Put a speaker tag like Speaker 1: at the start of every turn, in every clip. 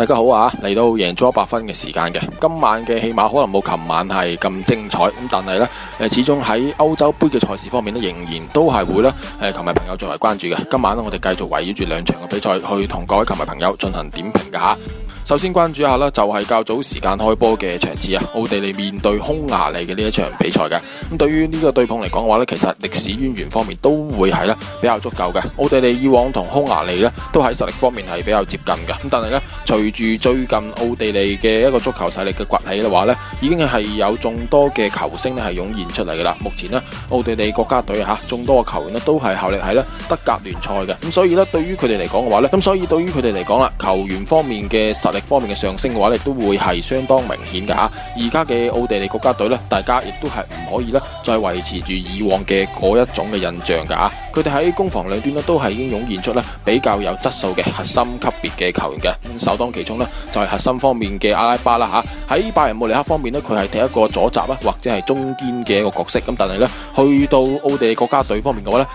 Speaker 1: 大家好啊！嚟到贏足 100FUN 嘅時間嘅，今晚嘅戲碼可能冇琴晚係咁精彩，咁但係呢，誒，始終喺歐洲杯嘅賽事方面呢，仍然都係會咧誒，球迷朋友最為關注嘅。今晚咧，我哋繼續圍繞住兩場嘅比賽去同各位球迷朋友進行點評㗎吓。首先關注一下啦，就係較早時間開波嘅場次啊，奧地利面對匈牙利嘅呢一場比賽嘅。咁對於呢個對碰嚟講嘅話呢，其實歷史淵源方面都會係呢比較足夠嘅。奧地利以往同匈牙利呢都喺實力方面係比較接近嘅。咁但係呢，隨住最近奧地利嘅一個足球勢力嘅崛起嘅話呢，已經係有眾多嘅球星咧係湧現出嚟噶啦。目前呢，奧地利國家隊吓眾多嘅球員咧都係效力喺咧德甲聯賽嘅。咁所以呢，對於佢哋嚟講嘅話呢，咁所以對於佢哋嚟講啦，球員方面嘅實力。方面嘅上升嘅話咧，都會係相當明顯嘅吓。而家嘅奧地利國家隊咧，大家亦都係唔可以咧再維持住以往嘅嗰一種嘅印象嘅吓。佢哋喺攻防兩端都係已經湧現出咧比較有質素嘅核心級別嘅球員嘅，首當其衝呢就係、是、核心方面嘅阿拉巴啦吓。喺拜仁慕尼黑方面呢佢係第一個左閘啦或者係中堅嘅一個角色。咁但係呢去到奧地利國家隊方面嘅話呢，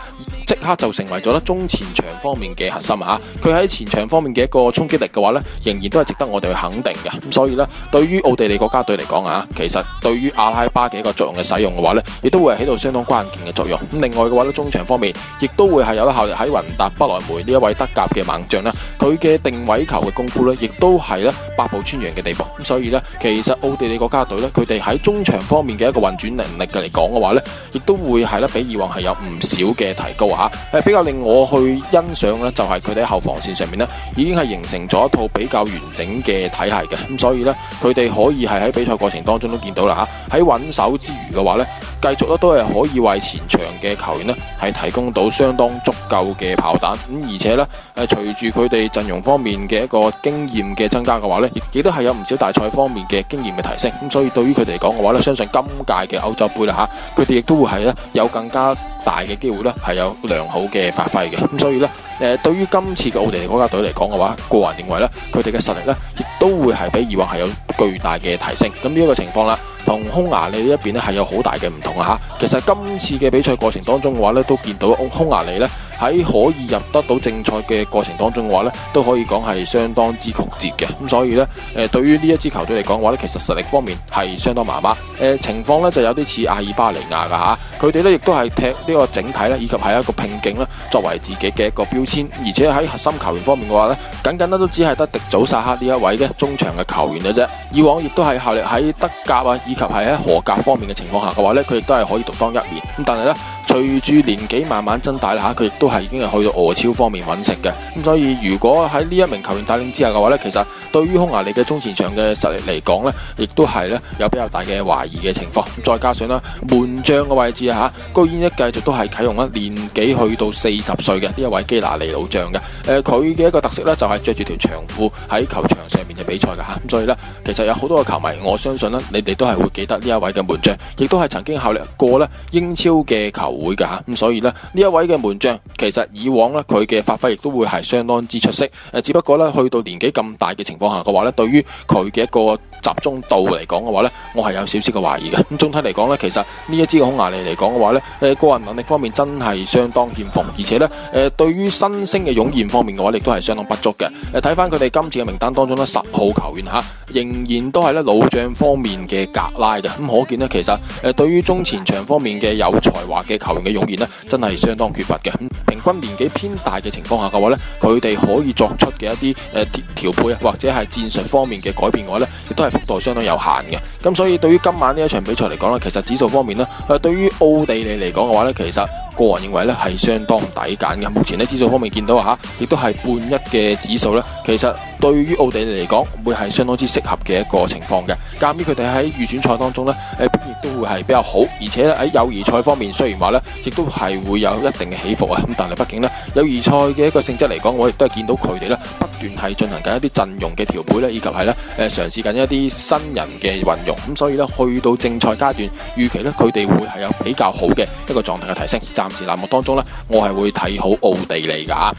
Speaker 1: 即刻就成為咗中前場方面嘅核心。佢喺、啊、前場方面嘅一個衝擊力嘅話呢，仍然都係值得我哋去肯定嘅。咁所以呢，對於奧地利國家隊嚟講啊，其實對於阿拉巴嘅一個作用嘅使用嘅話呢，亦都會係起到相當關鍵嘅作用。咁另外嘅話呢，中場方面。亦都會係有效力喺雲達不來梅呢一位德甲嘅猛將啦，佢嘅定位球嘅功夫呢，亦都係呢百步穿楊嘅地步。咁所以呢，其實奧地利國家隊呢，佢哋喺中場方面嘅一個運轉能力嚟講嘅話呢，亦都會係呢比以往係有唔少嘅提高吓。誒、啊，比較令我去欣賞呢，就係佢哋喺後防線上面呢，已經係形成咗一套比較完整嘅體系嘅。咁所以呢，佢哋可以係喺比賽過程當中都見到啦吓，喺、啊、穩守之餘嘅話呢。繼續咧都係可以為前場嘅球員咧係提供到相當足夠嘅炮彈，咁而且咧誒隨住佢哋陣容方面嘅一個經驗嘅增加嘅話咧，亦都係有唔少大賽方面嘅經驗嘅提升，咁所以對於佢哋嚟講嘅話咧，相信今屆嘅歐洲杯啦嚇，佢哋亦都會係咧有更加大嘅機會咧係有良好嘅發揮嘅，咁所以呢，誒對於今次嘅奧地利國家隊嚟講嘅話，個人認為咧佢哋嘅實力呢，亦都會係比以往係有巨大嘅提升，咁呢一個情況啦。同匈牙利呢一邊呢係有好大嘅唔同啊！嚇，其實今次嘅比賽過程當中嘅話呢，都見到匈牙利呢。喺可以入得到正賽嘅過程當中嘅話呢都可以講係相當之曲折嘅。咁所以呢，誒對於呢一支球隊嚟講嘅話呢其實實力方面係相當麻麻。誒情況呢就有啲似阿爾巴尼亞嘅嚇，佢哋呢亦都係踢呢個整體呢，以及係一個拼勁呢作為自己嘅一個標籤。而且喺核心球員方面嘅話呢僅僅呢都只係得迪祖薩克呢一位嘅中場嘅球員嘅啫。以往亦都係效力喺德甲啊，以及係喺荷甲方面嘅情況下嘅話呢佢亦都係可以獨當一面。咁但係呢。隨住年紀慢慢增大吓，佢亦都係已經係去到俄超方面揾食嘅。咁所以如果喺呢一名球員帶領之下嘅話呢，其實對於匈牙利嘅中前場嘅實力嚟講呢亦都係呢有比較大嘅懷疑嘅情況，再加上咧門將嘅位置啊吓，居然一繼續都係啟用一年紀去到四十歲嘅呢一位基拿利老將嘅。誒佢嘅一個特色呢，就係着住條長褲喺球場上面嘅比賽嘅吓。咁所以呢，其實有好多嘅球迷，我相信呢，你哋都係會記得呢一位嘅門將，亦都係曾經效力過咧英超嘅球。會吓，咁所以呢，呢一位嘅門將，其實以往呢，佢嘅發揮亦都會係相當之出色，誒只不過呢，去到年紀咁大嘅情況下嘅話呢，對於佢嘅一個集中度嚟講嘅話呢，我係有少少嘅懷疑嘅。咁總體嚟講呢，其實呢一支嘅匈牙利嚟講嘅話呢，誒個人能力方面真係相當欠奉，而且呢，誒、呃、對於新星嘅湧現方面嘅話，亦都係相當不足嘅。誒睇翻佢哋今次嘅名單當中呢，十號球員吓仍然都係呢老將方面嘅格拉嘅，咁可見呢，其實誒對於中前場方面嘅有才華嘅球。嘅湧現咧，真係相當缺乏嘅。咁平均年紀偏大嘅情況下嘅話呢，佢哋可以作出嘅一啲誒、呃、調配啊，或者係戰術方面嘅改變嘅話呢，亦都係幅度相當有限嘅。咁所以對於今晚呢一場比賽嚟講呢，其實指數方面呢，誒對於奧地利嚟講嘅話呢，其實個人認為呢係相當抵揀嘅。目前呢指數方面見到吓，亦都係半一嘅指數呢，其實。對於奧地利嚟講，會係相當之適合嘅一個情況嘅。鑒於佢哋喺預選賽當中呢，誒亦都會係比較好，而且咧喺友誼賽方面，雖然話呢，亦都係會有一定嘅起伏啊。咁但係畢竟呢，友誼賽嘅一個性質嚟講，我亦都係見到佢哋呢不斷係進行緊一啲陣容嘅調配呢，以及係呢誒嘗試緊一啲新人嘅運用。咁所以呢，去到正賽階段，預期呢，佢哋會係有比較好嘅一個狀態嘅提升。暫時欄目當中呢，我係會睇好奧地利噶。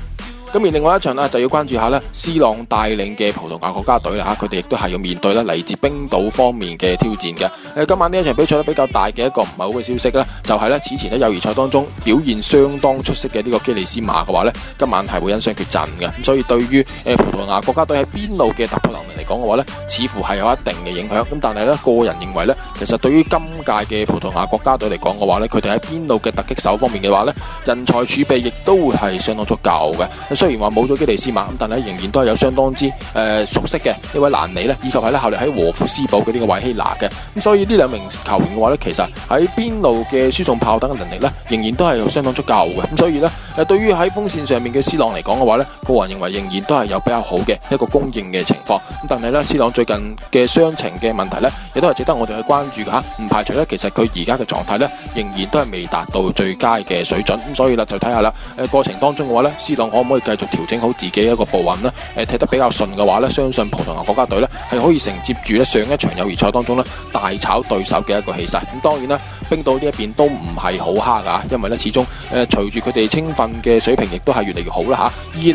Speaker 1: 咁而另外一場咧，就要關注下咧 C 朗帶領嘅葡萄牙國家隊啦，佢哋亦都係要面對咧嚟自冰島方面嘅挑戰嘅。誒，今晚呢一場比賽咧比較大嘅一個唔係好嘅消息咧，就係咧此前喺友誼賽當中表現相當出色嘅呢個基利斯馬嘅話咧，今晚係會因傷缺陣嘅。咁所以對於誒葡萄牙國家隊喺邊路嘅突破，講嘅話咧，似乎係有一定嘅影響。咁但係咧，個人認為咧，其實對於今屆嘅葡萄牙國家隊嚟講嘅話咧，佢哋喺邊路嘅突擊手方面嘅話咧，人才儲備亦都係相當足夠嘅。雖然話冇咗基利斯馬，咁但係仍然都係有相當之誒、呃、熟悉嘅呢位蘭尼咧，以及係咧效力喺和夫斯堡嘅呢個維希拿嘅。咁所以呢兩名球員嘅話咧，其實喺邊路嘅輸送炮彈嘅能力咧，仍然都係相當足夠嘅。咁所以咧。誒、啊，對於喺鋒線上面嘅 C 朗嚟講嘅話呢，個人認為仍然都係有比較好嘅一個供應嘅情況，咁但係呢，C 朗最近嘅傷情嘅問題呢，亦都係值得我哋去關注噶，唔排除呢，其實佢而家嘅狀態呢，仍然都係未達到最佳嘅水準，咁所以啦，就睇下啦，誒、啊，過程當中嘅話呢，C 朗可唔可以繼續調整好自己一個步韻呢？誒、啊，踢得比較順嘅話呢，相信葡萄牙國家隊呢，係可以承接住呢上一場友誼賽當中呢，大炒對手嘅一個氣勢，咁、啊、當然啦。冰島呢一邊都唔係好黑㗎，因為咧始終誒隨住佢哋青訓嘅水平，亦都係越嚟越好啦嚇。二零一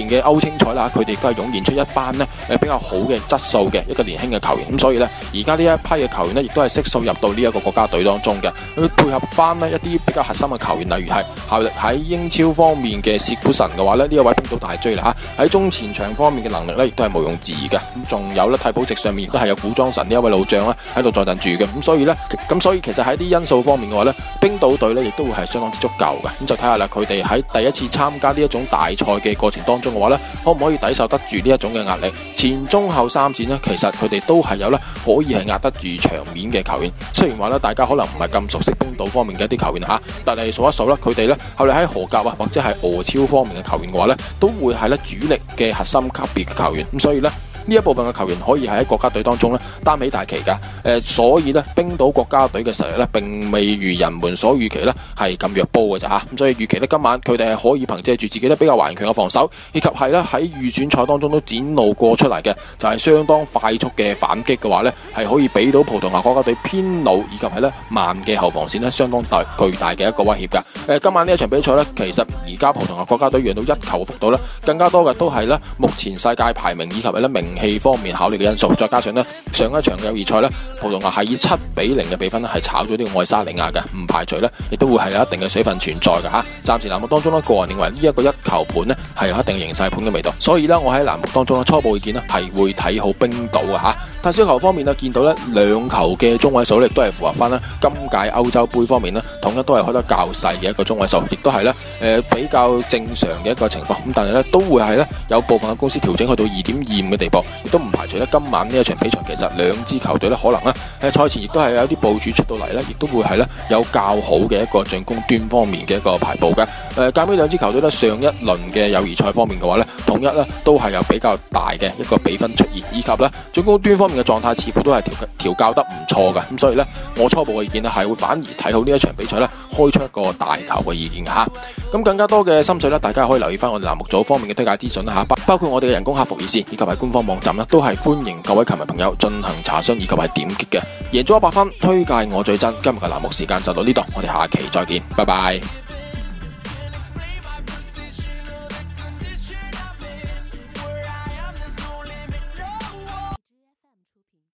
Speaker 1: 一年嘅歐青賽啦，佢哋都係湧現出一班呢誒比較好嘅質素嘅一個年輕嘅球員。咁所以呢，而家呢一批嘅球員呢，亦都係悉數入到呢一個國家隊當中嘅。咁配合翻呢一啲比較核心嘅球員，例如係效力喺英超方面嘅史古神嘅話呢，呢一位冰島大追啦嚇，喺中前場方面嘅能力呢，亦都係無庸置疑嘅。咁仲有呢，替補席上面亦都係有古裝神呢一位老將啦，喺度坐鎮住嘅。咁所以呢，咁所以其實喺啲因素方面嘅話呢冰島隊呢亦都會係相當之足夠嘅，咁就睇下啦。佢哋喺第一次參加呢一種大賽嘅過程當中嘅話呢，可唔可以抵受得住呢一種嘅壓力？前中後三戰呢，其實佢哋都係有呢可以係壓得住場面嘅球員。雖然話呢，大家可能唔係咁熟悉冰島方面嘅一啲球員吓，但係數一數咧，佢哋呢後嚟喺荷甲啊或者係俄超方面嘅球員嘅話呢都會係咧主力嘅核心級別嘅球員。咁所以呢。呢一部分嘅球員可以喺喺國家隊當中咧擔起大旗噶誒、呃，所以咧冰島國家隊嘅實力咧並未如人們所預期咧係咁弱爆嘅咋吓，咁所以預期咧今晚佢哋係可以憑借住自己咧比較頑強嘅防守，以及係咧喺預選賽當中都展露過出嚟嘅，就係、是、相當快速嘅反擊嘅話咧，係可以俾到葡萄牙國家隊偏老以及係咧慢嘅後防線咧相當大巨大嘅一個威脅噶誒、呃、今晚呢一場比賽咧，其實而家葡萄牙國家隊贏到一球嘅幅度咧，更加多嘅都係咧目前世界排名以及係咧名氣方面考慮嘅因素，再加上呢上一場嘅友誼賽呢，葡萄牙係以七比零嘅比分呢係炒咗呢個愛沙尼亞嘅，唔排除呢亦都會係有一定嘅水分存在嘅吓。暫時欄目當中咧，個人認為呢一個一球盤呢係有一定形勢盤嘅味道，所以呢，我喺欄目當中咧初步意見呢係會睇好冰島嘅吓。喺小球方面呢，見到呢兩球嘅中位數呢都係符合翻呢。今屆歐洲杯方面呢，統一都係開得較細嘅一個中位數，亦都係呢誒、呃、比較正常嘅一個情況。咁但係呢，都會係呢有部分嘅公司調整去到二點二五嘅地步，亦都唔排除呢今晚呢一場比賽其實兩支球隊呢，可能呢喺賽前亦都係有啲部署出到嚟呢，亦都會係呢有較好嘅一個進攻端方面嘅一個排布嘅。誒、呃，最後兩支球隊呢，上一輪嘅友誼賽方面嘅話呢，統一呢都係有比較大嘅一個比分出現，以及呢進攻端方面。嘅狀態似乎都係調調教得唔錯嘅，咁所以呢，我初步嘅意見咧係會反而睇好呢一場比賽呢開出一個大球嘅意見嘅吓。咁更加多嘅心水呢，大家可以留意翻我哋欄目組方面嘅推介資訊啦吓，包括我哋嘅人工客服熱線以及係官方網站呢，都係歡迎各位球迷朋友進行查詢以及係點擊嘅。贏足 100FUN，推介我最真。今日嘅欄目時間就到呢度，我哋下期再見，拜拜。